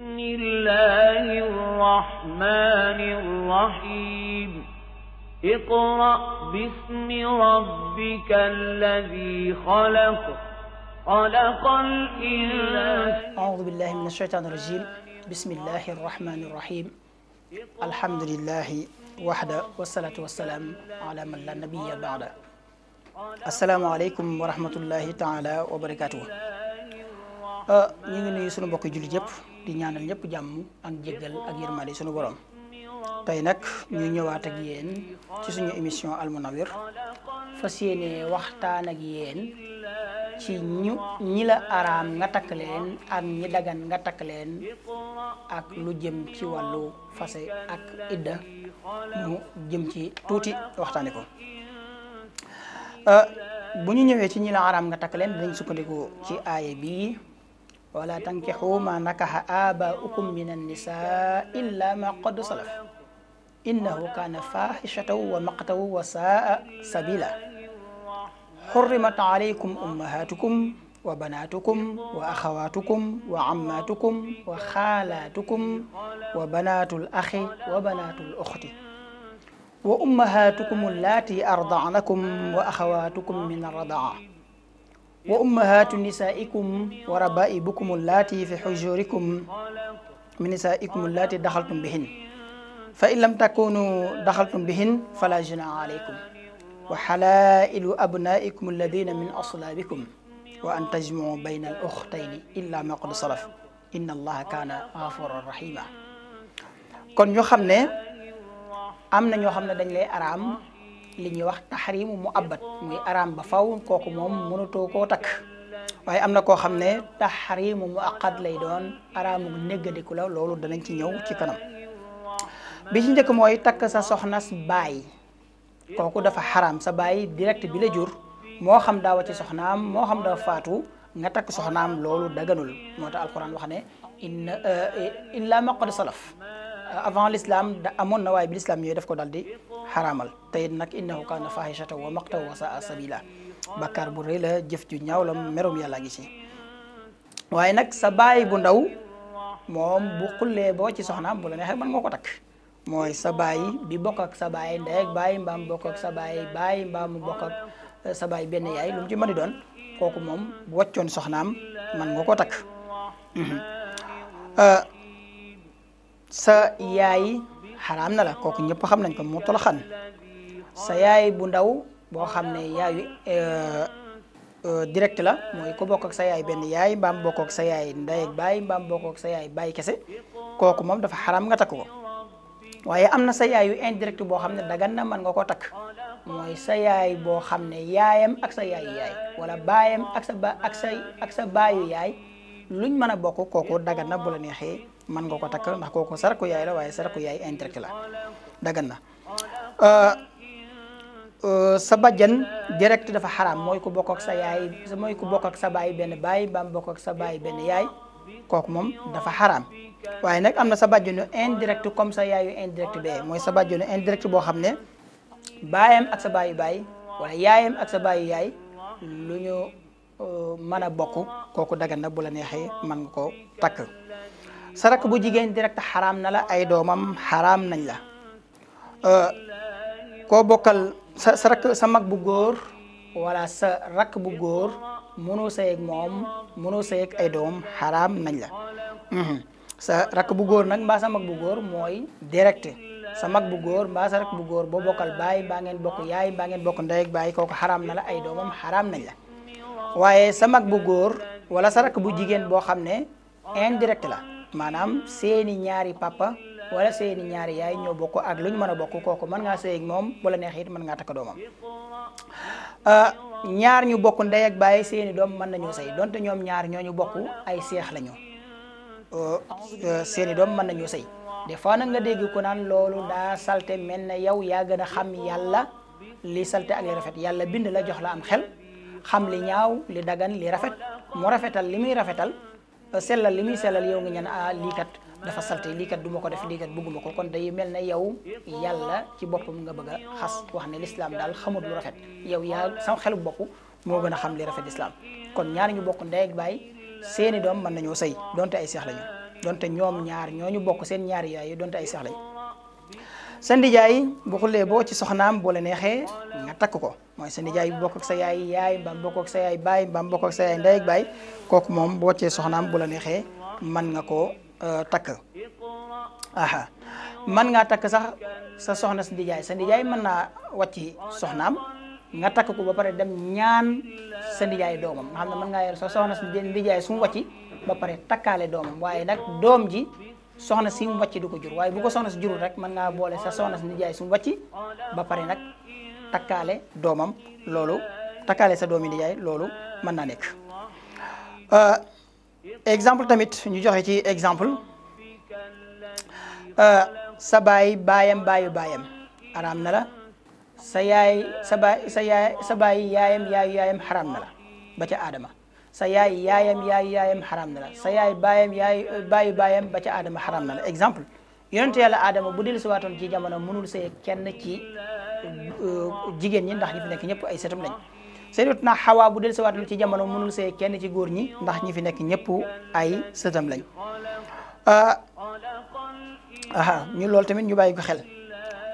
بسم الله الرحمن الرحيم اقرأ باسم ربك الذي خلق خلق الإنسان أعوذ بالله من الشيطان الرجيم بسم الله الرحمن الرحيم الحمد لله وحده والصلاة والسلام على من لا نبي بعده السلام عليكم ورحمة الله تعالى وبركاته آه، ñu ngi nuyu sunu mbokk di ñaanal ñep jamm ak jéggal ak yërmande suñu borom tay nak ñu ñëwaat ak yeen ci suñu émission al munawir fasiyene waxtaan ak yeen ci ñu ñi la aram nga tak leen ak ñi dagan nga tak leen ak lu jëm ci walu fase ak idda mu jëm ci tuuti waxtaane ko euh, bu ñu ñëwé ci ñi la aram nga tak leen dañ sukkandiko ci ayé bi ولا تنكحوا ما نكح آباؤكم من النساء إلا ما قد سلف إنه كان فاحشة ومقتا وساء سبيلا حرمت عليكم أمهاتكم وبناتكم وأخواتكم وعماتكم وخالاتكم وبنات الأخ وبنات الأخت وأمهاتكم اللاتي أرضعنكم وأخواتكم من الرضاعة وأمهات نسائكم وربائبكم اللاتي في حجوركم من نسائكم اللاتي دخلتم بهن فإن لم تكونوا دخلتم بهن فلا جناح عليكم وحلائل أبنائكم الذين من أصلابكم وأن تجمعوا بين الأختين إلا ما قد صرف إن الله كان غفورا رحيما كن ñu أمن ne دنيا أرام li ñuy wax taxarimu mu abbat muy araam ba faw kooku moom mënatoo koo takk waaye am na koo xam ne taxarimu mu aqad lay doon araamu néggandiku la loolu danañ ci ñëw ci kanam bi ci njëkk mooy takk sa soxna baay kooku dafa xaraam sa baay direct bi la jur moo xam daawa ci soxnaam moo xam dafa faatu nga takk soxnaam loolu daganul moo tax alquran wax ne inna eh, eh, la ma qad salaf avant l'islam da amoon na waaye bi l'islam ñooy def ko daldi haramal tay nak innahu kana fahishata wa maqta wa saa sabila bakar bu rëy la jef ju ñaaw la merum yàlla mom ci waye nak sa baye bu ndaw mom bu xulle bo ci soxnaam bu la nexe man moko tak moy sa baye bi bok ak sa baye ndey ak baye mbam bok ak sa baye baye mbam bok ak sa baye ben yaay lu ci don koku mom bu sa yaay haram na la kooku ñepp xam nañ ko mu toloxan sa yaay bu ndaw xamne yaay euh euh direct la moy ko bokk ak sa yaay ben yaay mbam bokk ak sa yaay nday ak baay mbam bokk ak sa yaay kese koku mom dafa haram nga takko waye amna sa yaay yu indirect bo xamne dagan na man nga ko tak moy sa yaay bo xamne yaayam ak sa yaay yaay wala bayam ak sa ba ak sa ak sa bayu yaay luñ mëna bokk koku dagan na bu la nexé mën nga ko takk ndax ko saraku yaay la waaye saraku yaay indirect la dagan na euh, euh, sa bajjan direct dafa xaram mooy ku bokk ak sa mooy ku bokk sa baay benn baay baam bokk sa baay benn yaay kooku moom dafa xaraam waaye nag am na sa bajjanu indirect comme sa yaayu indirect bee mooy sa bajjanu indirect boo xam ne baayam ak sa baayu baay wala yaayam ak sa baayu yaay lu ñu euh, mën bokk kooku dagan na bu la neexee mën nga ko takk sarak bu jigen direct haram na la ay domam haram nañ la euh ko bokal sarak sa mag bu gor wala sa rak bu gor mono sey ak mom mono sey ak ay dom haram nañ la sa rak bu gor nak ba sa mag bu gor moy direct sa mag bu gor ba sa rak bu gor bo bokal baye ba ngeen bok yaay ba ngeen bok nday ak baye kooku haram na la ay domam haram nañ la waye sa mag bu gor wala sa rak bu jigen bo xamne indirect la manam seeni ñaari papa wala seeni ñaari yaay ñoo bokk ak mana mëna bokku koku man nga sey ak mom bu la neexee it mën ngaa takk doomam ah, ñaar ñu bokku ndey ak nyom seeni dom man nañu sey donte ñom ñaar ñooñu bokku ay sheikh lañu ah, ah, seeni dom man nañu sey des fois na nga ku naan loolu da salte mel na yow yalla xam yalla li salte ak li rafet yalla bind la jox la am xel xam li ñaaw li dagan li rafet mu rafetal limi rafetal Euh, sellal li muy sellal yow nga ñaan a ah, liikat kat dafa salte lii du ma ko def lii kat bëgguma ko kon day mel na yow yàlla ci boppam nga bëgg a xas wax ne lislaam daal xamut lu rafet yow yaa sama xel bokk moo gën a xam li rafet lislaam kon ñaar ñu bokk ndey ak baay seeni doom mën nañoo sëy donte ay seex lañu donte ñoom ñaar ñoo ñu bokk seen ñaari yaay donte ay seex lañu sa ndijaay bu xullee boo ci soxnaam boo la neexee nga takko ko moy sa nijaay bokk ak sa yaay yaay mbam bokk ak sa yaay baay mbam bokk ak sa yaay ndey ak baay mom bo ci soxnam bu la nexé man nga ko euh, takk aha man nga takk sax sa soxna sa nijaay sa nijaay man na wati soxnam nga takk ko ba pare dem ñaan sa nijaay domam nga xamna man nga ngaa sa soxna sa nijaay su wati ba pare takale domam waye nak dom ji soxna sim wati du ko jur waye bu ko soxna jurul rek man nga bolé sa soxna si nijaay su wati ba pare nak takkaale doomam loolu takkaale sa doomi nijaay loolu mën na nekk euh, exemple tamit ñu joxe ci exemple euh, sa baay baayam baayu baayam araam na la sa yaay sa baay sa yaay sa baay yaayam yaayu yaayam xaraam na la ba ca aadama sa yaay yaayam yaayu yaayam xaraam na la sa yaay baayam yaayu baayu baayam ba ca aadama xaraam na la exemple yonentu yàlla aadama bu dellu si waatoon ci jamono mënul sëy kenn ci euh, jigéen ñi ndax ñi fi nekk ñëpp ay setam lañ sayyidatuna Hawa bu dellu si waatoon ci jamono mënul sëy kenn ci góor ñi ndax ñi fi nekk ñëpp ay setam lañ aha ñu loolu tamit ñu bàyyi ko xel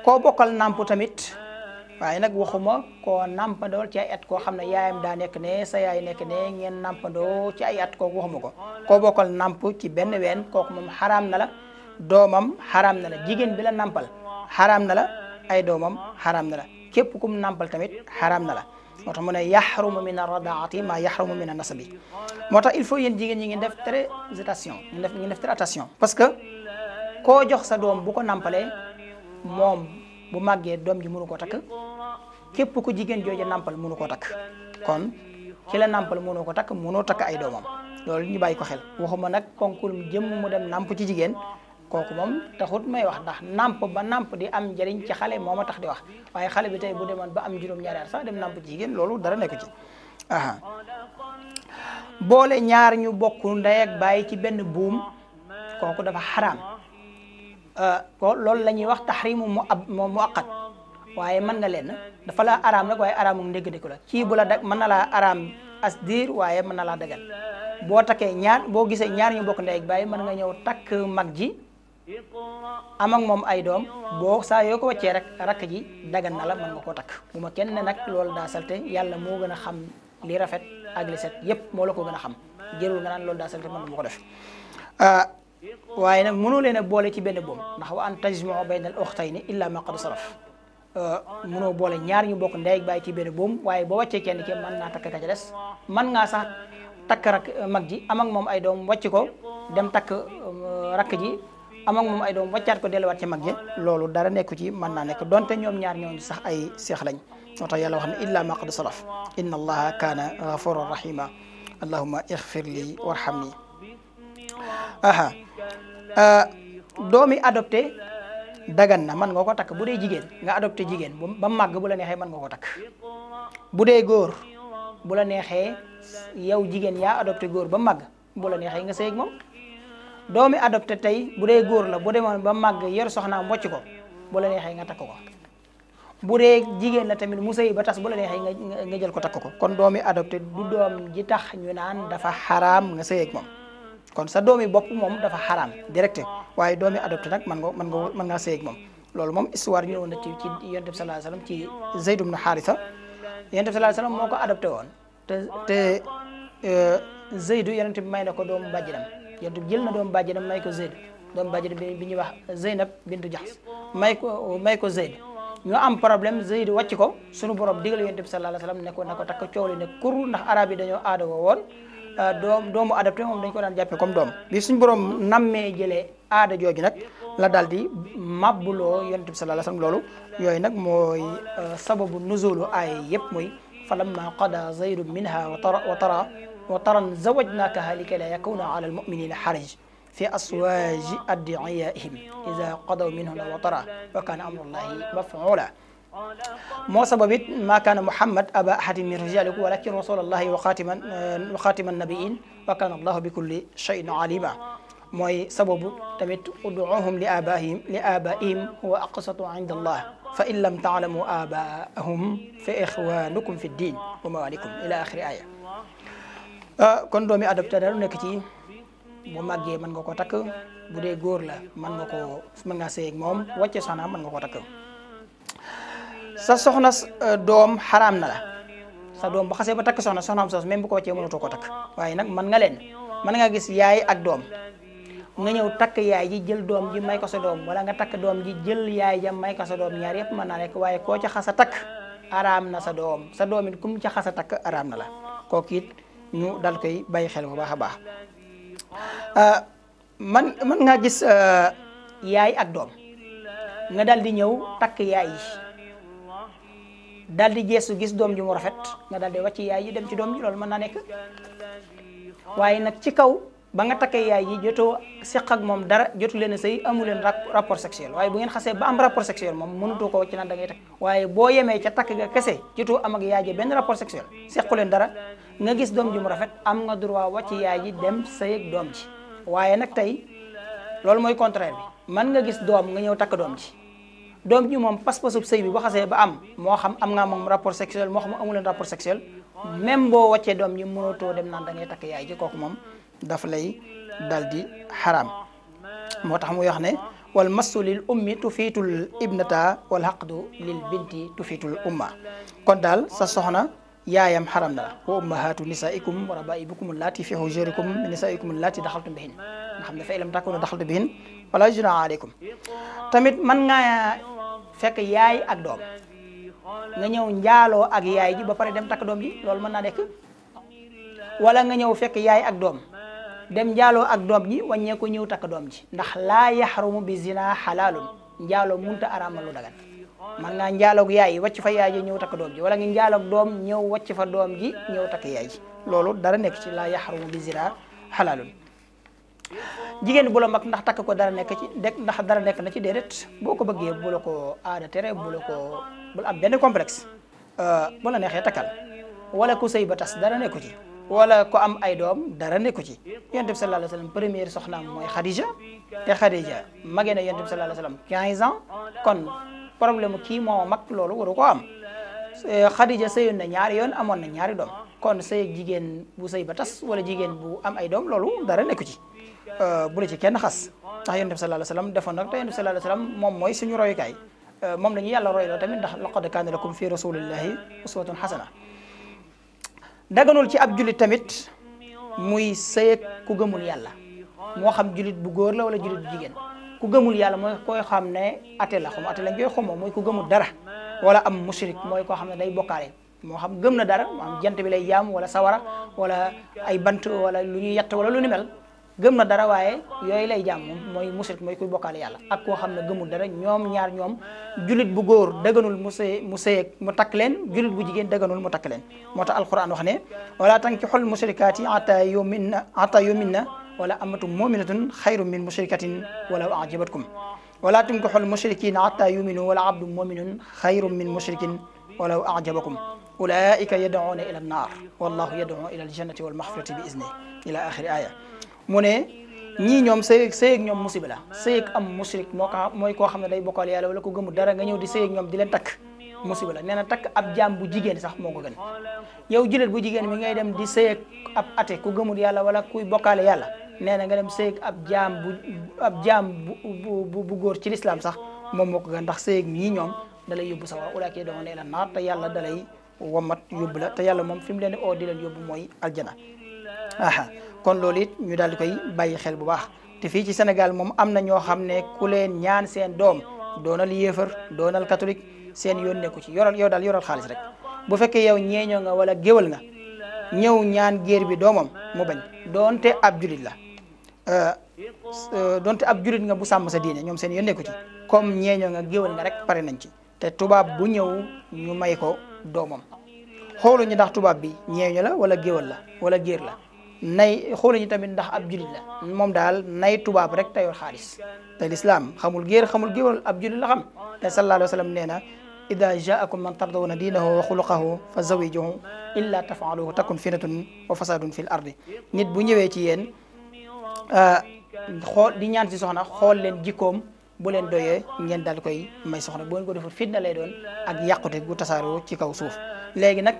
ko bokkal nàmp tamit waaye nag waxuma koo nàmpandool ci ay at koo xam ne yaayam daa nekk ne sa yaay nekk ne ngeen nàmpandoo ci ay waxuma ko ko bokkal nàmp ci benn ween kooku moom xaraam na la doomam xaraam na la jigéen bi la nàmpal xaraam na la ay doomam xaraam na la képp kum nampal tamit xaraam na la moo tax mu ne yaxrumu min arradaati ma yaxrumu min annasabi moo tax il faut yéen jigéen ñi ngeen def très attention def ngeen def très attention parce que koo jox sa doom bu ko nàmpalee moom bu màggee doom ji mënu ko takk képp ku jigéen jooju nampal mënu ko takk kon ki la nàmpal mënoo ko takk mënoo takk ay doomam loolu ñu bàyyi ko xel waxuma nag konkulum jëmm mu dem nàmp ci jigéen koku mom taxut may wax ndax namp ba namp di am jaring ci xalé moma tax di wax waye xalé bi tay bu demone ba am juróom ñaar sax dem namp ci jigéen loolu dara nekku ci aha boole ñaar ñu bokku nday ak bàyyi ci benn boom koku dafa euh ko lolu lañuy wax taxrimu mu ab mu aqat waaye mën nga leen dafa laa araam rek haram araamum ndégg-ndégg la ci bu la man mën na laa araam as diir waaye na laa dagal bo takkee ñaar bo gisee ñaar ñu bokk nday ak man nga ñew tak magji amak mom ay dom bo sa yo ko wacce rek rak ji dagan ah, na la man mako tak buma bu ma kenn nag loolu daa salte yàlla moo gën xam li rafet ak li set yépp mo la ko gëna xam jërul nga nan lol da salté man mako def waaye waye nak mënu leena boole ci benn bom ndax wa antajmu bainal ukhtayni illa ma qad saraf ah, mënu boole ñaar ñu bok ndey ak bay ci benn bom waye bo wacce kenn ki man na tak ka ci dess man nga sax tak rak mag ji am ay dom wacce ko dem tak ah, rak ji am ak moom ay doom waccaat ko delluwaat ci magge ya dara nekku ci man na nek donte ñom ñaar ñoo sax ay cheikh lañ nota yalla waxna illa ma qad salaf inna allaha kana ghafurur rahima allahumma ighfir li warhamni aha doomi adopté dagan na man nga ko tak budé jigen, nga adopté jigen ba mag bu la nexé man nga ko tak budé gor bu la nexé yow jigen ya adopté gor ba mag bu la nexé nga sey ak mom doomi adopté tey bu dee góor la bu demoon ba màgg yor soxnaam wocc ko bu la neexee nga takk ko bu dee jigéen la tamit mu sëy ba tas bu la neexee nga jël ko takk ko kon doomi adopté du doom ji tax ñu naan dafa xaraam nga sëy ak moom kon sa doomi bopp moom dafa xaraam directe waaye doomi adopté nag mën nga mën nga mën ngaa sëy moom loolu moom histoire ñu ne woon na ci ci yonent bi sallallahu alayhi wasallam ci Zayd ibn Haritha yonent bi sallallahu alayhi wasallam moo ko adopté woon te te euh, Zaydu bi may na ko doomu bàjjinam yonent jël na doomu bàjjenam may ko Zeyd doomu bàjjenam bi ñu wax Zeynab bintu Jaxs may ko may ko Zeyd ñu am problème Zeyd wàcc ko sunu borom digal yonent bi sallallahu alayhi wa sallam ne na ko takk coow li ne kur ndax arab yi dañoo aada woon euh, doom doomu adopté moom dañ ko daan jàppee comme doom bi suñu borom nammee jëlee aada jooju nag la daal di màbbuloo yonent bi sallallahu loolu yooyu nag mooy euh, sababu nuzulu ay yëpp mooy falamma qada Zeydu minha wa وترى زوجناكها لكي لا يكون على المؤمنين حرج في أصواج أدعيائهم إذا قضوا منهن وطرا وكان أمر الله مفعولا ما سبب ما كان محمد أبا أحد من رجالك ولكن رسول الله وخاتم وخاتم النبيين وكان الله بكل شيء عليما ما سبب تمت أدعوهم لآبائهم لآبائهم هو أقسط عند الله فإن لم تعلموا آباءهم فإخوانكم في الدين ومواليكم إلى آخر آية Eh, kon doomi adopté lu nek ci bu màggee man nga ko tak bu dee góor la man nga ko fuma nga sey ak mom wàcce sana man nga ko tak sa soxna eh, doom haram na la sa doom bu xasse ba tak soxna am soos même bu ko wàccee to ko tak waye nak man nga len man nga gis yaay ak doom nga ñew tak yaay ji jël doom ji may ko sa doom wala nga tak doom ji jël yaay ja may ko sa doom ñaar yëpp man na rek waye ko ci xassa tak na sa doom sa doom kum ci xassa tak takk na la ñu dal koy bàyyi xel bu baax a baax ah, man mën ngaa gis ah, yaay ak doom nga dal di ñëw takk yaay yi dal di geesu gis doom ji mu rafet nga dal di wàcc yaay yi dem ci doom ji loolu mën naa nekk waaye nag ci kaw. ba nga takkee yaay yi jotoo seq ak mom dara jotu leen sey amu leen rapport sexuel waye bu ngeen xasse ba am rapport sexuel moom to ko ci naan da ngay tak waye bo yeme ci tak ga kesse jotoo am ak yaay ben rapport sexuel leen dara nga gis dom ji mu rafet am nga droit wàcc yaay yi dem sey ak dom ji waye nak tay lol moy contraire bi man nga gis dom nga ñew tak dom ji dom ji mom pas passup sey bi bu xasse ba am mo xam am nga mom rapport sexuel mo xam amu leen rapport sexuel même wacce dom ñu ji to dem naan da ngay tak yaay ji mom دفلي دالدي حرام موتاهم ويغني والمسو للأمي تفيت الابنة والحقد للبنت تفيت الأمة كون دال سسوحنا يايام حرام نرى وأمهات نسائكم وربائبكم اللاتي في حجيركم من نسائكم اللاتي دخلتم بهن نحن فإن لم تكونوا دخلتم بهن ولا جنا عليكم تميت من نايا فك ياي أكدوم نيو نجالو أك ياي جي بفري دم تكدوم جي لول من نا ديك ولا نيو فك ياي أكدوم dem njaaloo ak doom ji wàññeeku ñëw takk doom ji ndax laa yaxrumu bi zina xalaalun njaaloo munta araamal lu dagan man ngaa njaaloog yaay yi wàcc fa yaay ji ñëw takk doom ji wala ngi njaaloog doom ñëw wàcc fa doom ji ñëw takk yaay ji loolu dara nekk ci laa yaxrumu bi zina xalaalun jigéen bu la mag ndax takk ko dara nekk ci de ndax dara nekk na ci déedéet boo ko bëggee bu la ko aada tere bu la ko bul am benn complexe euh, bu la neexee takkal wala ko sëy ba tas dara nekku ci wala ko am ay doom dara nekku ci yonent bi sallallahu alayhi wa sallam première soxnaam mooy Khadija te Khadija magee na yonent bi sallallahu alayhi wa sallam 15 ans kon problème kii moo mag loolu waru ko am Khadija sëyoon na ñaari yoon amoon na ñaari doom kon sëy jigéen bu sëy ba tas wala jigéen bu am ay doom loolu dara nekku ci bu la ci kenn xas ndax yonent bi sallallahu alayhi wa sallam defoon nag te yonent bi sallallahu alayhi wa sallam moom mooy suñu royukaay moom la ñu yàlla royloo tamit ndax laqad kaana lakum fi rasulillahi uswatun hasana daganul ci ab julit tamit muy sëy ku gëmul yàlla moo xam julit bu góor la wala jullit bu jigéen ku gëmul yàlla mooy koy xam ne ate la xum ate lañ koy xumoo mooy ku gëmul dara wala am mushrik mooy koo xam ne day bokkaale moo xam gëm na dara moo xam jant bi lay jaam wala sawara wala ay bant wala lu ñuy wala lu ni gëmna dara waye yoy lay jàmm moy mushrik moy kuy bokal yàlla ak ko xamne gëmul dara ñom ñaar ñom julit bu góor deganul musse musse ak mu tak leen julit bu jigen deganul mu tak leen mota alquran wax ne wala hul mushrikaati ata yuminna ata yuminna wala amatu muminatun xayru min mushrikatin wala a'jabatkum wala hul mushrikiina ata yuminu wala abdu muminun xayru min mushrikin wala ajabakum ulaika yadcuuna ila annaar wallahu yadcuu ila aljannati walmaxfirati bi isnihi ila axiri mu ne ñii ñoom sëy sëy ak ñoom musiba la sëy ak am musrik moo ko mooy koo xam ne day bokkaal yàlla wala ko gëmul dara nga ñëw di sëy ak ñoom di leen takk musiba la nee takk ab jaam bu jigéen sax moo ko gën yow jullit bu jigéen mi ngay dem di sëy ak ku gëmul yàlla wala kuy bokkaale yàlla nee na nga dem sëy ak ab bu ab jaam bu góor ci lislaam sax moom moo ko ga ndax sëy ak ñii ñoom dalay yóbbu sax waa ulaakee doon nee la naar te yàlla dalay wamat yóbbu la te yàlla moom fi mu leen di oo di leen yóbbu mooy aljana aha kon loolu it ñu daal di koy bàyyi xel bu baax te fii ci senegal moom am na ñoo xam ne ku leen ñaan seen doom doonal yéefar doonal catholique seen yoon nekku ci yoral yow daal yoral xaalis rek bu fekkee yow ñeeñoo nga wala géwal nga ñëw ñaan géer bi doomam mu doonte ab julit la euh, euh, doonte ab julit nga bu sàmm sa diine ñoom seen yoon nekku ci comme ñeeñoo nga géwél nga rek pare nañ ci te tubaab bu ñëw ñu may ko doomam xooluñu ndax tubaab bi ñeeño la wala géwal la wala géer la ناي خولي نتا من دخ عبد الله موم دال ناي توباب رك تايور خالص تا الاسلام خمول غير خمول غير عبد الله خم تا صلى الله عليه وسلم نينا اذا جاءكم من ترضون دينه وخلقه فزوجوه الا تفعلوه تكون فينة وفساد في الارض نيت بو نيوي تي يين خول دي نيان سي سخنا خول لين جيكوم bu ah, len doye ngeen dal koy may soxna bu len ko defu fitna lay don ak yakute gu tasaro ci kaw suuf legi nak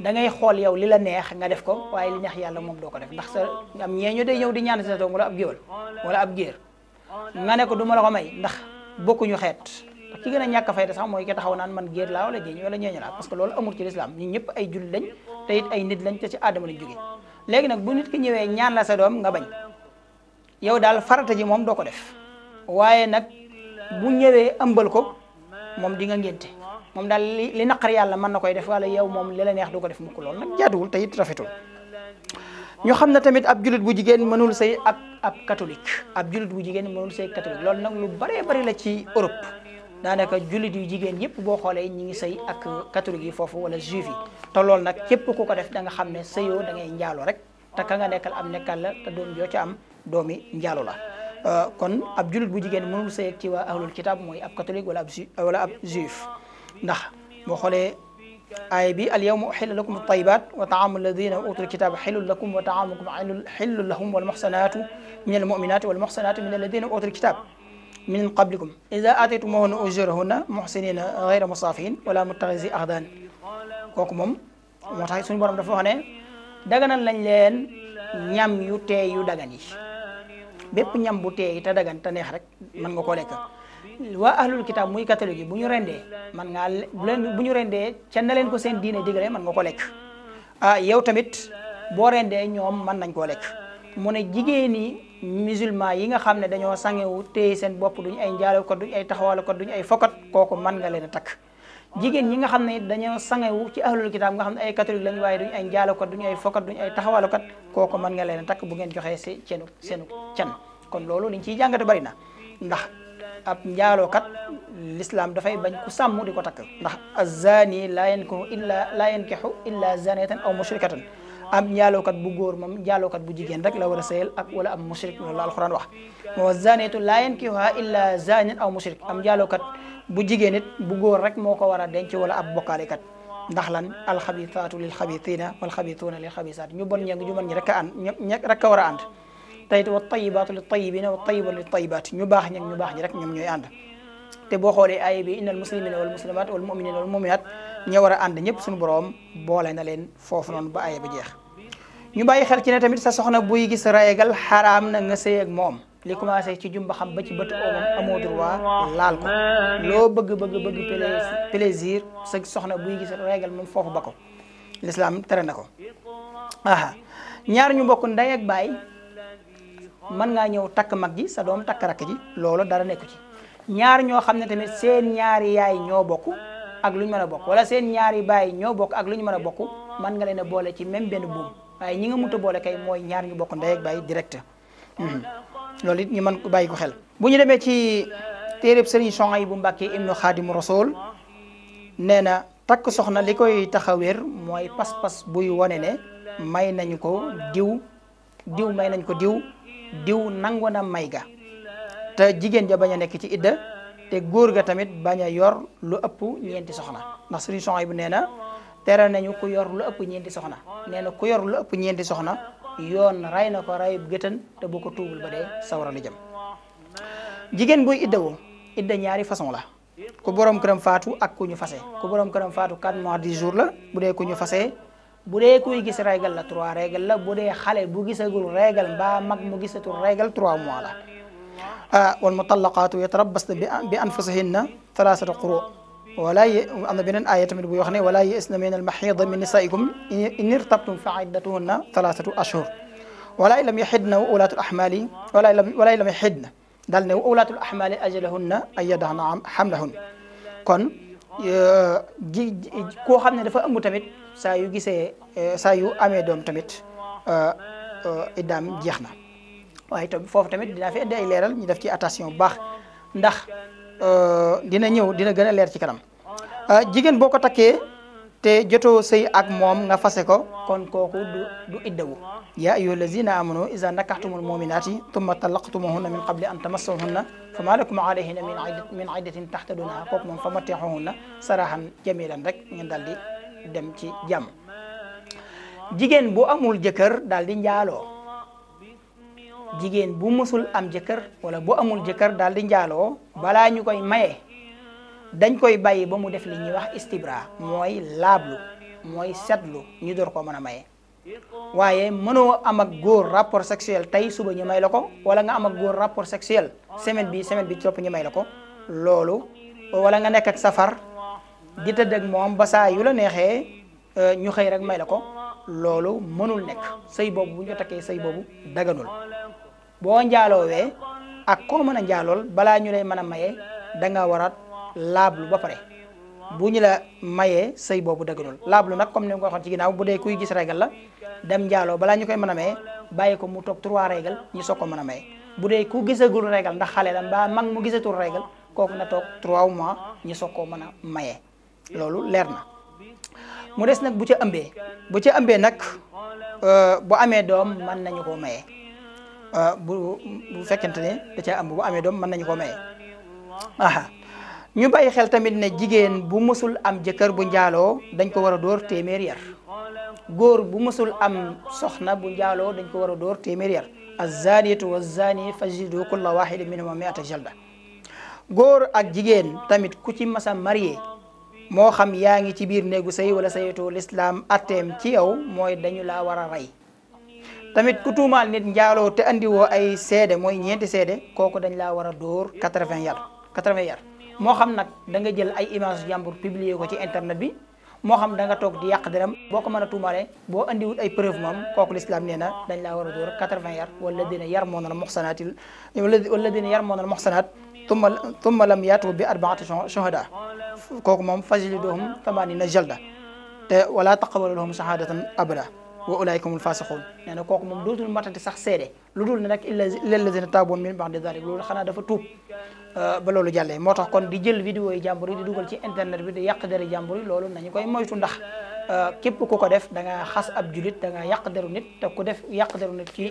da xool yow li la neex nga def ko waaye li neex yàlla moom doo ko def ndax sa am ñeeño day ñëw di ñaan sa doom wala ab géwal wala ab géer nga ne ko du la ko may ndax bokkuñu xeet ci gën a ñàkk fayda sax mooy ki taxaw naan man géer laa wala géeñ wala ñeeño laa parce que loolu amul ci lislaam ñun ñëpp te it nit lañ te ci aadama lañ jógee léegi nag bu nit ki ñëwee ñaan la sa doom nga bañ yow daal farata ji moom doo ko def waaye nag bu ñëwee ambal ko moom di nga ngénte mom dal li naqar yàlla man nakoy def wala yow mom lila neex du def mukk lol nak jadul te it rafetul ñu xamna tamit ab julit bu jigen manul sëy ak ab catholique ab julit bu jigen manul sëy catholique lol nak lu bare bare la ci Europe da naka julit yu jigen yep bo xolé ñi ngi sëy ak catholique yi fofu wala juif yi te lol nak kep ku ko def da nga xamne seyo da ngay njaalo rek ta ka nga nekkal am nekkal la te doom jo ci am doomi njaalo la kon ab julit bu jigen manul sëy ak ci wa ahlul kitab moy ab catholique wala ab wala ab juif ndax boo xoolee aay bi al yawma uxilla lakum altayibat wa taamu alladina utul kitaba xillun lakum wa taamukum xillun lahum walmuxsanaatu min almuminaati walmuxsanaatu min alladina utul kitab من قبلكم إذا آتيتموهن أجورهن محسنين غير مصافين ولا متخذي أخدان kooku moom moo tax suñu borom dafa wax ne daganal lañ leen ñam yu teey yu dagan yi bépp ñam bu teey te dagan te neex rek mën nga koo lekk wa ahlul kitab muy catalogue buñu rendé man nga buñu rendé ci na len ko sen diiné digalé man nga ko lek ah yow tamit bo rendé ñom man nañ ko lek mu né jigéeni musulman yi nga xamné ne sangé sangewu téye sen bop duñ ay ko duñ ay ko duñ ay fokat koku man nga leena tak takk jigéen ñi nga xamné ne sangé sangewu ci ahlul kitab nga xamné ay catalogue lañ way duñ ay ko duñ ay fokat duñ ay ko koku man nga leena tak bu ngeen joxé ci cenu cenu kon lolu liñ ci jangata bari na ndax ab njaalookat lislaam dafay bañ ku sàmm di ko takk ndax azzaani laa yankixu illaa laa yankixu illaa zaaniyatan aw mushrikatan am njaalookat bu góor moom njaalookat bu jigéen rek la war a sëyal ak wala am mushrik loolu la alxuraan wax moo zaaneetu laa yankixuhaa illaa zaanin aw mushrik am njaalookat bu jigéen it bu góor rek moo ko war a denc wala ab bokkaalekat ndax lan alxabitaatu lil xabitiina wal xabituuna lil xabisaat ñu bon ñeeg ñu bon ñi rek a ànd rek a war a ànd tayit wa tayyibatu lit tayyibina wa tayiba lit tayyibat ñu bax ñak ñu bax ñi rek ñom ñoy and te bo xolé ay bi innal muslimina wal muslimat wal muminina wal muminat ñi wara and ñep suñu borom boole na len fofu non ba ay ba jeex ñu bayyi xel ci ne tamit sa soxna buy gis rayagal haram na nga sey ak mom li commencé ci jumba xam ba ci bëtu oomam amo droit laal ko lo bëgg bëgg bëgg plaisir sa soxna buy gis rayagal mom fofu bako l'islam tere nako aha ñaar ñu bokk nday ak baay mën ngaa ñëw takk mag ji sa doom takk rakk ji loolu dara nekku ci ñaar ñoo xam ne tamit seen ñaari yaay ñoo bokk ak lu ñu mën a bokk wala seen ñaari baay ñoo bokk ak lu ñu mën a bokk mën nga leen a boole ci même benn buum waaye ñi nga mënta boole kay mooy ñaar ñu bokk ndey ak baay direct hmm. loolu it ñu mën ko bàyyi ko xel bu ñu demee ci téereb Sëriñ Suhaybu Mbàkke ibnu Xaadimu Rasuul nee na takk soxna li koy taxaweer mooy pas-pas buy wanee ne may nañu ko diw diw may nañ ko diw diw nangu na may ga te jigéen ja bañ a nekk ci idda te góor ga tamit bañ a yor lu ëpp ñeenti soxna ndax sëriñ soxna bu nee na tere nañu ku yor lu ëpp ñeenti soxna nee na ku yor lu ëpp ñeenti soxna yoon ray na ko rayub gëtën te bu ko tuubul ba dee sawara lu jëm jigéen buy idda woo idda ñaari façon la ku borom këram faatu ak ku ñu fase ku borom këram faatu 4 mois 10 jour la bu dee ku ñu fase budee kuy gis regal la trois regal la budee xale bu gisagul regal mbaa mag mu gisatul regal trois mois la والمطلقات يتربصن بانفسهن ثلاثه قروء ولا ي... انا بنن ايه تمد بو يخني ولا يئسن من المحيض من نسائكم ان ارتبتم فعدتهن ثلاثه اشهر ولا لم يحدن اولاة الاحمال ولا لم ولا لم يحدن دال نو اولاة الاحمال اجلهن اي يدهن حملهن كون كو خامني دا فا امو تمد saa yu gisee saa yu amee doom tamit iddaam jeex na waaye itam foofu tamit dinaa fi indi ay leeral ñu def ci attention bu baax ndax dina ñëw dina gën a leer ci kanam jigéen boo ko takkee te jotoo sëy ak moom nga fase ko kon kooku du du iddawu yaa ayyuha allazina amanu ida nakaxtumul muminati tumma talaqtumuhunna min qabli an tamassuhunna fa ma lakum alayhinna min iddatin taxtadunaha kooku moom fa matexuhunna sarahan jamilan rek ngeen daal di dem ci jàmm jigéen bu amul jëkkër daal di njaaloo jigéen bu mësul am jëkkër wala bu amul jëkkër daal di njaaloo balaa ñu koy maye dañ koy bàyyi ba mu def li ñuy wax istibra mooy laablu mooy setlu ñu door ko mën a maye waaye mënoo am ak góor rapport sexuel tey suba ñu may la ko wala nga am ak góor rapport sexuel semaine bi semaine bi topp ñu may la ko loolu wala nga nekk safar di tëdd moom ba saa yu la neexee euh, ñu xëy rek may la ko loolu mënul nekk sëy boobu bu ñu ko takkee sëy boobu daganul boo njaaloowee ak koo mën a njaalool balaa ñu lay mën a mayee da nga war a laablu ba pare bu ñu la mayee sëy boobu daganul laablu nag comme ni nga ko waxoon ci ginnaaw bu dee kuy gis regal la dem njaaloo balaa ñu koy mën a mayee bàyyi ko mu toog trois régal ñu soog ko mën a mayee bu dee ku gisagul régal ndax xale la mbaa mag mu gisatul régal kooku na toog trois mois ñu soog koo mën a mayee loolu leer na mu des nag bu ca ambee bu ca ëmbee nag euh, bu amee doom mën nañu koo maye euh, bu fekkente ne da ca ëmb amee doom mën nañu koo maye aha ñu bàyyi xel tamit ne jigéen bu mësul am jëkkër bu njaaloo dañ ko war a dóor téeméer yar góor bu mësul am soxna bu njaaloo dañ ko war a dóor téeméer yar azzaaniyatu wazzaani fajlidu kulla waahidin minhuma mi'ata jalda góor ak jigéen tamit ku ci masa marié moo xam yaa ngi ci biir néegu sëy wala saytu lislaam atteem ci yow mooy dañu laa war a rey tamit ku tuumaal nit njaaloo te andiwoo ay seede mooy ñeenti seede kooku dañ laa war a dóor quatre-vingts yar quatre-vingts yar moo xam nag da nga jël ay image jàmbur publier ko ci internet bi moo xam da nga toog di yàq deram boo ko mën a boo andiwul ay preuve moom kooku lislaam nee na dañ laa war a dóor quatre-vingts yar wala dina yar moo nana moxsanatil wala dina yar moo nana ثم ثم لم ياتوا bi arbaati shuhada kooku moom fajliduhum tamaanina jalda te wala taqabalu lahum shahadatan abada wa ulaika humul fasiqun nee na kooku moom dootul matati sax seede lu dul ne nag illa alladina taabu min ba'di dalik loolu xanaa dafa tuub ba loolu jàllee moo tax kon di jël vidéo yi jàmbur yi di dugal ci internet bi di yàq deri jàmbur yi loolu nañu koy moytu ndax képp ku ko def da nga xas ab julit da nga yàq deru nit te ku def yàq deru nit ci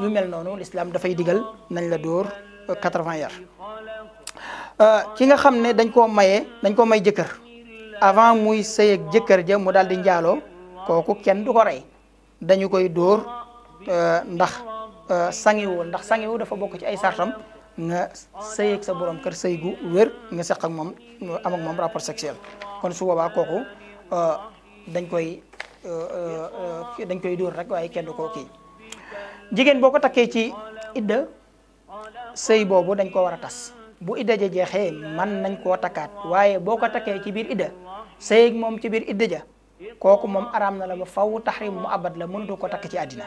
yu mel noonu l'islam dafay digal nañ la dóor 80 yar Euh, ki nga xamne ne dañ ko maye dañ ko may jëkër avant muy sey ak jëkër ja mu daal di njaaloo kooku kenn du ko ray dañu koy euh ndax euh, sangiwul ndax sangiwul dafa bok ci ay sartam nga sey ak sa borom kër sey gu wër nga sax ak mom am ak mom rapport sexuel kon su koku euh dañ koy euh, dañ koy door rek waye kenn du ko ki jigen boko ko ci idda sey bobu dañ ko wara tass bu idda ja jeexee man nañ koo takkaat waaye boo ko takkee ci biir idda sëyeg moom ci biir idda ja kooku moom araam na la mu faw taxrim mu abat la mënatu ko takk ci àddina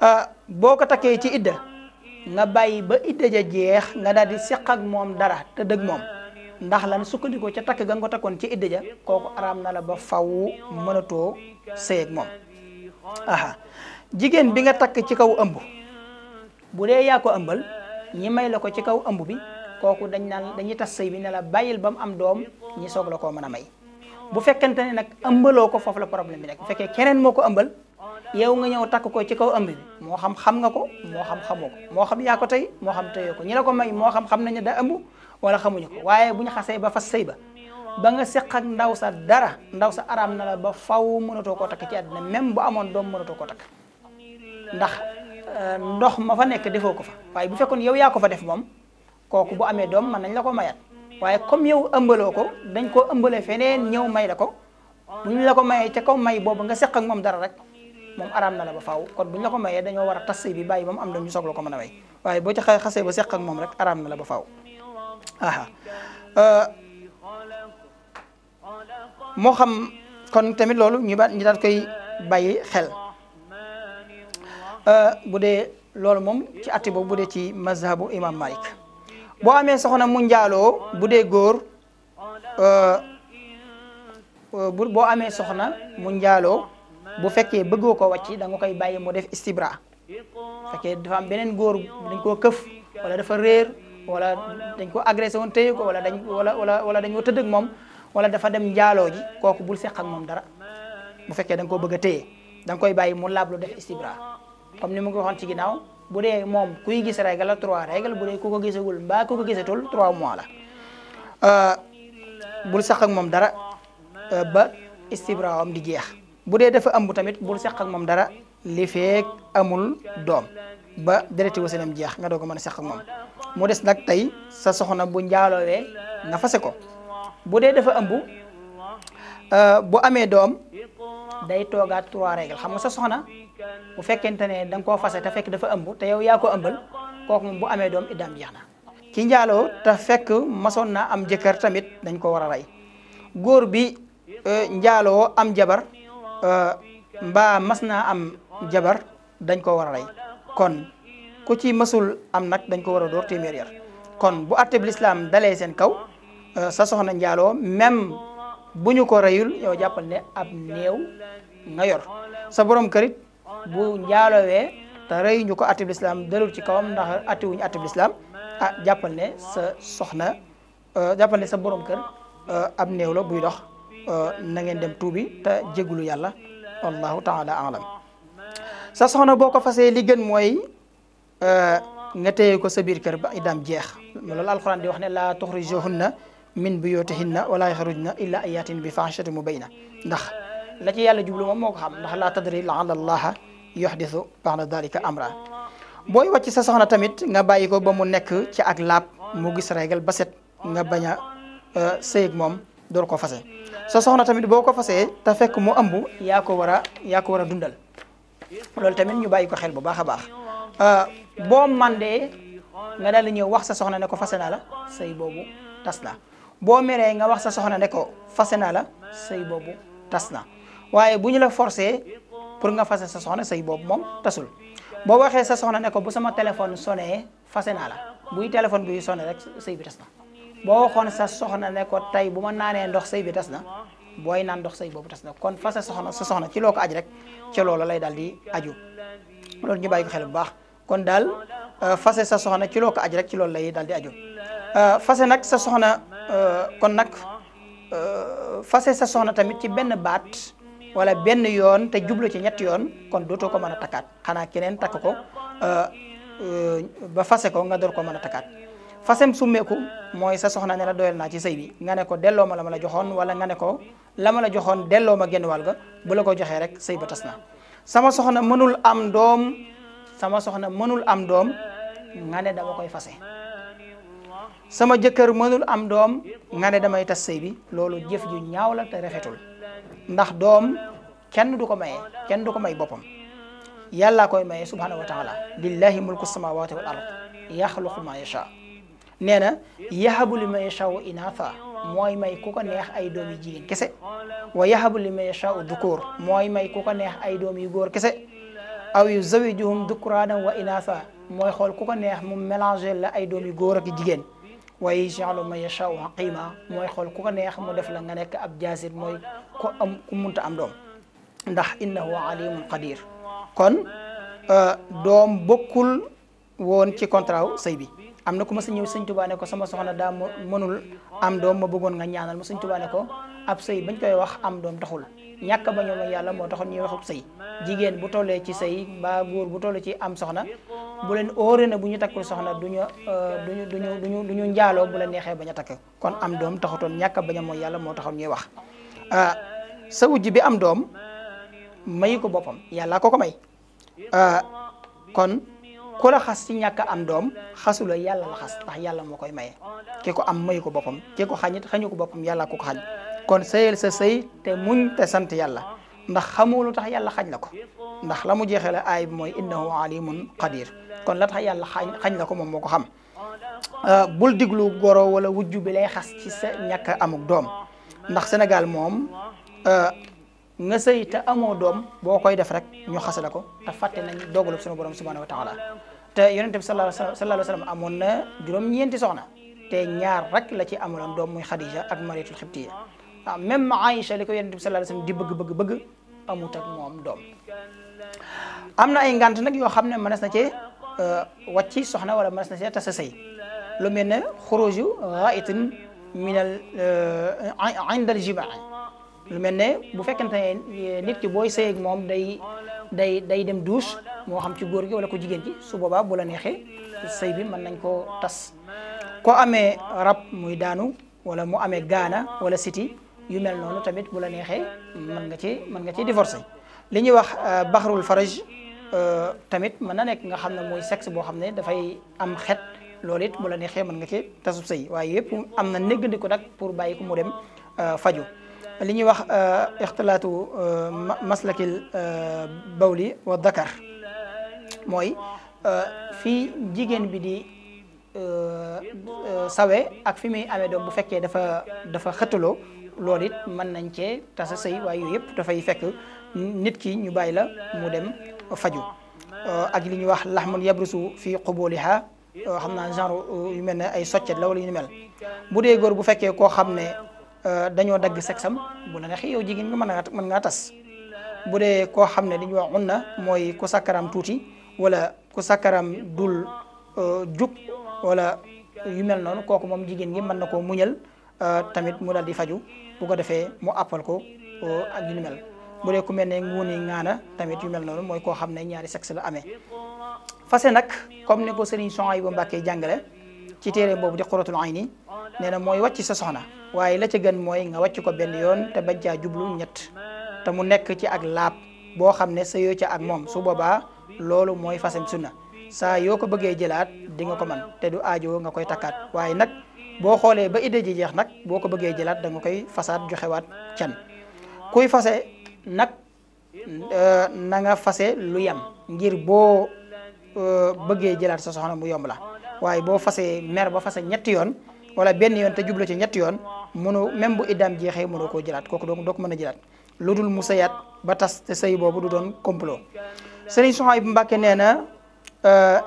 ah, boo ko takkee ci idda nga bàyyi ba idda ja nga daal seq ak moom dara te dëgg moom ndax lan sukkandikoo ca takk ga ko takkoon ci idda ja kooku araam na la ba faw mënatoo sëyeg moom jigéen bi nga takk ci kaw ëmb bu dee yaa ko ëmbal ñi may la ko ci kaw ëmb bi kooku dañ naan dañuy tas sëy bi ne la bàyyil ba mu am doom ñi soog la koo mën a may bu fekkente ne nag ëmbaloo ko foofu la problème bi nekk bu fekkee keneen moo ko ambal yow nga ñëw takk ko ci kaw ëmb moo xam xam nga ko moo xam xamoo ko moo xam yaa ko tey moo xam teyoo ko ñi la ko may moo xam xam nañ ne da ëmb wala xamuñu ko waaye bu ñu xasee ba fas sëy ba ba nga seq ndaw sa dara ndaw sa araam na la ba faw mënatoo koo takk ci àddina même bu amoon doom mënatoo koo takk Euh, ndox ma fa nekk defoo ko fa waaye bu fekkoon yow yaa ko fa def moom kooku bu amee doom mën nañ la ko mayaat waaye comme yow ëmbaloo ko dañ ko ëmbale feneen ñëw may la ko bu la ko mayee ca kaw may boobu nga seq ak moom dara rek moom araam na la ba faaw kon bu ñu la ko mayee dañoo a bi ba mu am doom ñu soog la ko mën a may waaye boo ci ba seq ak moom rek araam na la ba faaw aha euh, moo xam kon tamit loolu ñu ba ñu koy bàyyi xel. Euh, bu dee loolu moom ci atti boobu bu dee ci mazhabu imam Malik boo amee soxna mu njaaloo bu dee góor euh, euh, bu boo amee soxna mu njaaloo bu fekkee bëggoo ko wàcc da nga koy bàyyi moo def istibra fekkee dafa am beneen góor dañ koo këf wala dafa réer wala dañ ko agressé woon téye ko wala dañ wala wala wala dañoo tëdd ak moom wala dafa dem njaaloo ji kooku bul seq ak moom dara bu fekkee da koo bëgg a téye da nga koy bàyyi mu laab lu def istibra comme ni ma ko waxoon ci ginnaaw bu dee moom kuy gis règle la trois règle bu dee ku ko gisagul mbaa ku ko gisatul trois mois la euh, bul sax ak moom dara euh, ba istibraawam di jeex bu dee dafa ëmb tamit bul sax moom dara li feek amul doom ba dereti wasinam jeex nga doog a mën a moom mu des nag tey sa soxna bu njaaloowee nga fase ko bu dee dafa ëmb euh, bu amee doom day toogaat trois règle xam nga sa soxna bu fekkente ne da nga koo fase te fekk dafa ëmb te yow yaa ko ëmbal kooku moom bu amee doom iddaam jeex na ki njaaloo te fekk masoon na am jëkkër tamit dañ ko war a rey góor bi euh, njaaloo am jabar euh, mbaa mas naa am jabar dañ ko war a rey kon ku ci masul am nag dañ ko war a door téeméer kon bu àtteb lislaam dalee seen kaw euh, sa soxna njaaloo même bu ñu ko reyul yow jàppale ne ab néew nga yor sa kërit bu njaaloowee te reyuñu ko attib lislaam dalul ci kawam ndax attiwuñu attib lislaam ah jàppal ne sa soxna euh, jàppal sa borom kër euh, ab néew la buy dox euh, na ngeen dem tuubi te jégulu yàlla wallahu taala alam sa soxna boo ko fasee li gën mooy nga téye ko sa biir kër ba idam jeex loolu alquran di wax ne laa na min buyutihinna wala yaxrujna illa ayatin bi faxshatin mubayna ndax la ci yàlla jublu moom moo ko xam ndax laa tadri la yoxdisu ba'da dalika amra booy wàcc sa soxna tamit nga bàyyi ko ba mu nekk ci ak laab mu gis régal ba set nga baña a euh, sëy moom door ko fase sa soxna tamit boo ko fasee te fekk mu ëmb yaa ko war a yaa ko war a dundal loolu tamit ñu bàyyi ko xel bu baax a baax euh, boo mandee nga daal di ñëw wax sa soxna ne ko fase naa la sëy boobu tas na boo meree nga wax sa soxna ne ko fase naa la sëy tas na waaye bu ñu la forcé pour nga fase sa soxna sëy boobu moom tasul boo waxee sa soxna ne ko bu sama téléphone sonné fase naa la buy téléphone bi sonné rek sëy bi tas na boo waxoon sa soxna ne ko tey bu ma naanee ndox sëy bi tas na booy naan ndox sëy boobu tas na kon fase soxna sa soxna ci loo ko aj rek ca loola lay daal di aju loolu ñu bàyyi ko bu baax kon daal euh, fase sa soxna ci loo rek ci loolu lay daal di euh, fase nag sa soxna euh, kon nag fase sa soxna tamit ci benn baat wala benn yoon te jublu ci ñetti yoon kon dootoo ko mën a takkaat xanaa keneen takk ko euh, ba fase ko nga door ko mën a takkaat fasem summeeku mooy sa soxna ne la doyal naa ci sëy bi nga ne ko delloo ma la ma la joxoon wala nga ne ko la ma la joxoon delloo ma genn wal ga bu la ko joxee rek sëy ba tas na sama soxna mënul am doom sama soxna mënul am doom nga ne dama koy fase sama jëkkër mënul am doom nga ne damay tas sëy bi loolu jëf ju ñaaw te rafetul ndax doom kenn du ko maye kenn du ko may boppam yàlla koy maye subhanahu wa taala lillahi mulku samawati wal ard yaxluqu ma yasha nee na yahabu li man yachau inatha mooy may ku ko neex ay doom yu jigéen kese wa yahabu li man yachau dukuur mooy may ku ko neex ay doom yu góor kese aw yuzawijuhum dukuraanan wa inatha mooy xool ku ko neex mu mélanger la ay doom yu góor ak jigéen waaye yaj'alu man yashaa'u aqiima mooy xool ku ko neex mu def la nga nekk ab jaasir mooy ku am ku munta am doom ndax innahu alimun qadir kon doom bokkul woon ci contrat sëy bi am na ku ma sa ñëw sëñ Tuubaa ne ko sama soxna daa mënul am doom ma bëggoon nga ñaanal ma sëñ Tuubaa ne ko ab sëy bañ koy wax am doom taxul ñàkk ba ñoom yàlla moo taxoon ñuy wax ak jigéen bu tollee ci say mbaa góor bu tollee ci am soxna bu leen óore na bu ñu takkul soxna du ñu euh, duñu duñu duñu ñu njaaloo bu leen neexee bañ takk kon am doom taxutoon ñàkk bañ a mooy yàlla moo taxoon ñuy wax euh, sa wujj bi am doom mayu ko boppam yàlla ko ko may euh, kon ku la xas ci ñàkk am doom xasula yàlla la xas ndax yàlla moo koy maye ki ko am mayu ko boppam ki xañit xañu boppam yàlla ko xañ kon seyel sa sëy te muñ te sant yàlla ndax xamoo lu tax yàlla xañ lako ndax lamu jexela ay moy innahu alimun qadir kon la tax yàlla xañ lako mom moko xam bul diglu goro wala wujju bi lay xas ci sa ñaka amuk dom ndax Sénégal mom nga sëy te amo dom bokoy def rek ñu xas la ko te fàtte nañ dogalub sunu borom subhanahu wa taala te yonente bi sallallahu alayhi wa sallam amoon na juroom ñenti soxna te ñaar rek la ci amulon dom muy khadija ak Mariyatul Xibtiya waaw même Aïcha li ko yonent bi sallallahu bugg wasallam di bëgg bëgg bëgg amut moom doom am na ay ngant nag yoo xam ne mënees na cee euh, wàcci soxna wala mënees na cee tasa lu mel ne xuruju ghaitin min euh, al inda al mel ne bu fekkente ne nit ki booy sëy moom day day day dem douche moo xam ci góor gi wala ko jigéen gi su boobaa bu la neexee bi mën nañ koo tas koo amee rab muy daanu wala mu amee gaana wala siti yu mel noonu tamit bu la neexee mën nga ci mën nga ci divorcer li ñuy wax baxrul faraj tamit mën na nekk nga xam ne mooy sexe boo xam ne dafay am xet loolu it bu la neexee mën nga ci tasub sëy waaye yëpp am na néggandiku nag pour bàyyi ko mu dem faju li ñuy wax ixtilaatu maslakil bawli wa dakar mooy fii jigéen bi di sawe ak fi muy amee doom bu fekkee dafa dafa xëttaloo loolu it mën nañ cee tasa sëy waaye yooyu yëpp dafay fekk nit ki ñu bàyyi la mu dem faju euh, ak li ñuy wax lax laxmun yabrusu fi qubuliha euh, xam naa genre euh, yu mel ne ay soccet la wala yu mel bu dee góor bu fekkee koo xam ne dañoo dagg sexam bu la jigéen nga mën ngaa mën ngaa tas bu dee koo xam ne dañuy wax unna mooy ku tuuti wala ku sakkaram dul jug wala yu mel noonu kooku moom jigéen gi mën na koo muñal tamit mu daal di faju bu ko defee mu appal ko ak yu ni mel bu dee ku mel ne nguuni ŋaana tamit yu mel noonu mooy koo xam ne ñaari sexe la amee fase nag comme ne ko sëriñ Souhaïbou Mbacké jàngale ci téere boobu di Qurratul Ayni nee na mooy wacc sa soxna waaye la ca gën mooy nga wàcc ko benn yoon te bañ caa jublu ñett te mu nekk ci ak laab boo xam ne sa yoo ca ak moom su boobaa loolu mooy fasam sunna saa yoo ko bëggee jëlaat di nga ko man te du aajoo nga koy takkaat waaye nag bo xolé ba idée ji jeex nak boko bëggé jëlat da nga koy fasaat joxewaat cyan kuy fase nak euh, na nga fase lu yam ngir boo euh, bëggé jëlat sa soxna mu yomb la waye bo fasé mer ba fase ñett yoon wala ben yoon te jublu ci ñett yoon mënu même bu iddaam jeexee mënoo ko jëlat koku doo ko mëna jëlat ludul lu ba tas te sey bobu du doon complot euh,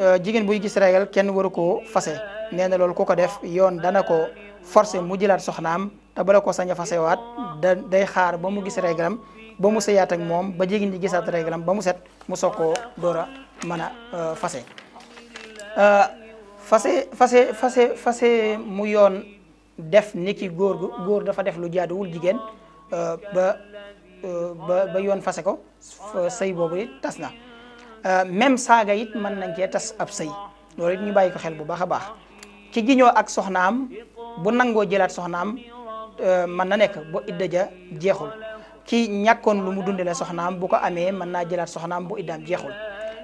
euh jigen buy gis régal kenn waru fase nee lol loolu def yon dana ko forcé mu jilat soxnam ta balako ko sañ a day xaar ba mu gis reglam ba mu seyat ak mom ba ba mu set mu soko dora mana fasé euh fasé fase euh, fase fase fase fase mu yon def niki gur gur dafa def lu jaaduwul jigéen euh, euh, ba ba ba yon fase ko sey bobu tasna tas na même saga yit man nañ ci tas ab sey lolit ñu bayiko xel bu ki giñoo ak soxnaam bu nangoo jëlaat soxnaam euh, mën na nekk bu idda ja jeexul ki ñàkkoon lu mu dundee dundale soxnaam bu ko amee mën naa jëlaat soxnaam bu iddaam jeexul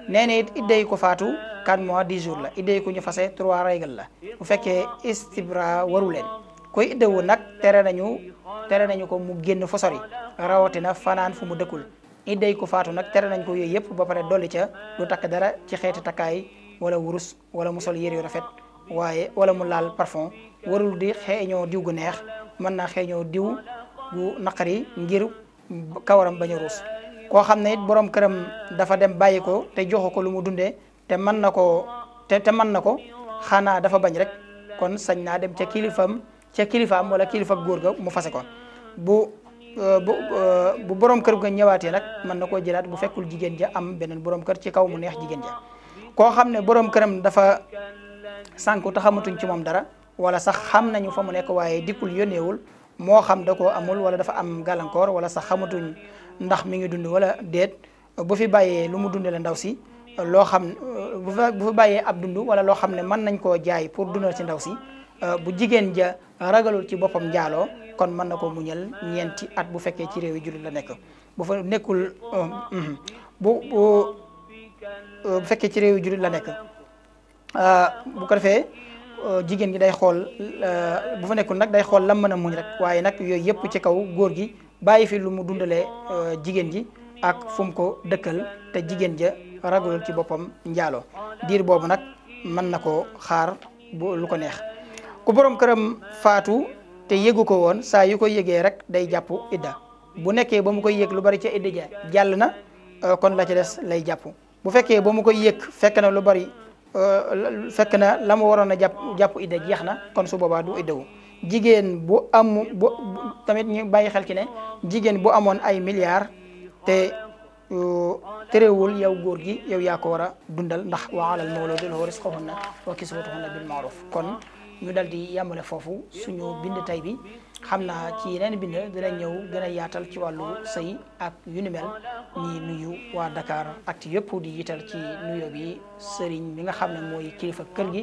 nee na it idda yi ko faatu 4 mois di jours la idda yi ko ñu fase 3 la bu fekkee istibra waru leen koy idda wu nag tere nañu tere nañu ko mu génn fu sori rawatina fanaan fu mu dëkkul idda yi ko faatu nag tere nañ ko yooyu yëpp ba pare dolli ca du takk dara ci xeeti takkaay wala wurus wala mu sol yére yu rafet waye wala mu laal parfum warul di xeeñoo diw gu neex man na xeeñoo diw gu nakari ngir kawaram baña rus. ko xamne it borom kërëm dafa dem bayiko ko te joxoko ko lu mu dundé te man nako te te man nako xana dafa bañ rek kon sañ dem ci kilifam ca kilifaam wala kilifa goor ga mu kon bu bu bu borom kër ga ñëwaaté nak man nako jëlat bu fekkul jigen ja am benen borom kër ci kaw mu neex jigen ja ko xamne borom kërëm dafa sànku te xamatuñ ci moom dara wala sax xam nañu fa mu nekk waaye dikkul yónneewul moo xam da koo amul wala dafa am gàllankoor wala sax xamatuñ ndax mi ngi dund wala déet bu fi bàyyee lu mu dundale ndaw si loo xam bu fa bu fa bàyyee ab dund wala loo xam ne mën nañ koo jaay pour dundal ci ndaw si bu jigéen ja ragalul ci boppam jaaloo kon mën na ko muñal ñeenti at bu fekkee ci réew yi la nekk bu fa nekkul um, um, bu bu fekkee ci réew yi jullit la nekk Euh, bu ko defee euh, jigéen gi day xool euh, bu fa nekkul nag day xool lam mën a muñ rek waaye nag yooyu yëpp ci kaw góor gi bàyyi fi lu mu dundalee jigéen ji ak fum ko dëkkal te jigéen ja ragul ci boppam njaalo diir boobu nag mën na ko xaar bu lu ko neex ku boroom këram faatu te yëgu ko woon saa yu koy yëgee rek day jàpp idda bu nekkee ba mu koy yëg lu bari ca idda ja jàll na kon la ca des lay jàpp bu fekkee ba mu koy yëg fekk na lu bari Euh, fekk na la mu waroon a jàpp jàpp idda jeex na kon su boobaa du iddawu jigéen bu am bu tamit ñu bàyyi xel ci ne jigéen bu amoon ay milliards te euh, terewul yow góor gi yow yaa ko war a dundal ndax wa alal mawludi lahu rizquhunna wa kiswatuhunna bil ma'ruf kon ñu dal di yàmbale foofu suñu bind tay bi xam naa ci yeneen bind dina ñëw gën yaatal ci wàllu sëy ak yu ni mel ñi nuyu waa Dakar ak yëpp di yital ci nuyo bi sëriñ mi nga xam ne mooy kilifa kër gi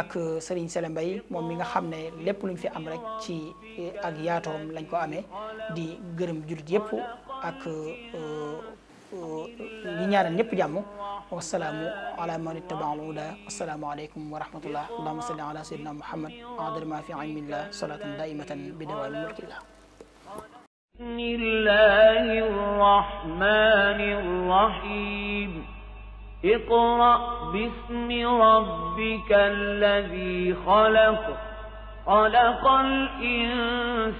ak sëriñ Sele Mbay moom mi nga xam ne lépp luñ fi am rek ci eh, ak yaatoom lañ ko amee di gërëm jullit yëpp ak eh, di ñaanal ñëpp jàmm wasalaamu ala man ittabaal huda wasalaamu aleykum wa rahmatullah allahuma salli ala sayidina muhammad adar ma fi ilmillah salatan daimatan bi dawaami mulkillah بسم الله الرحمن الرحيم اقرأ باسم ربك الذي خلق خلق الإنسان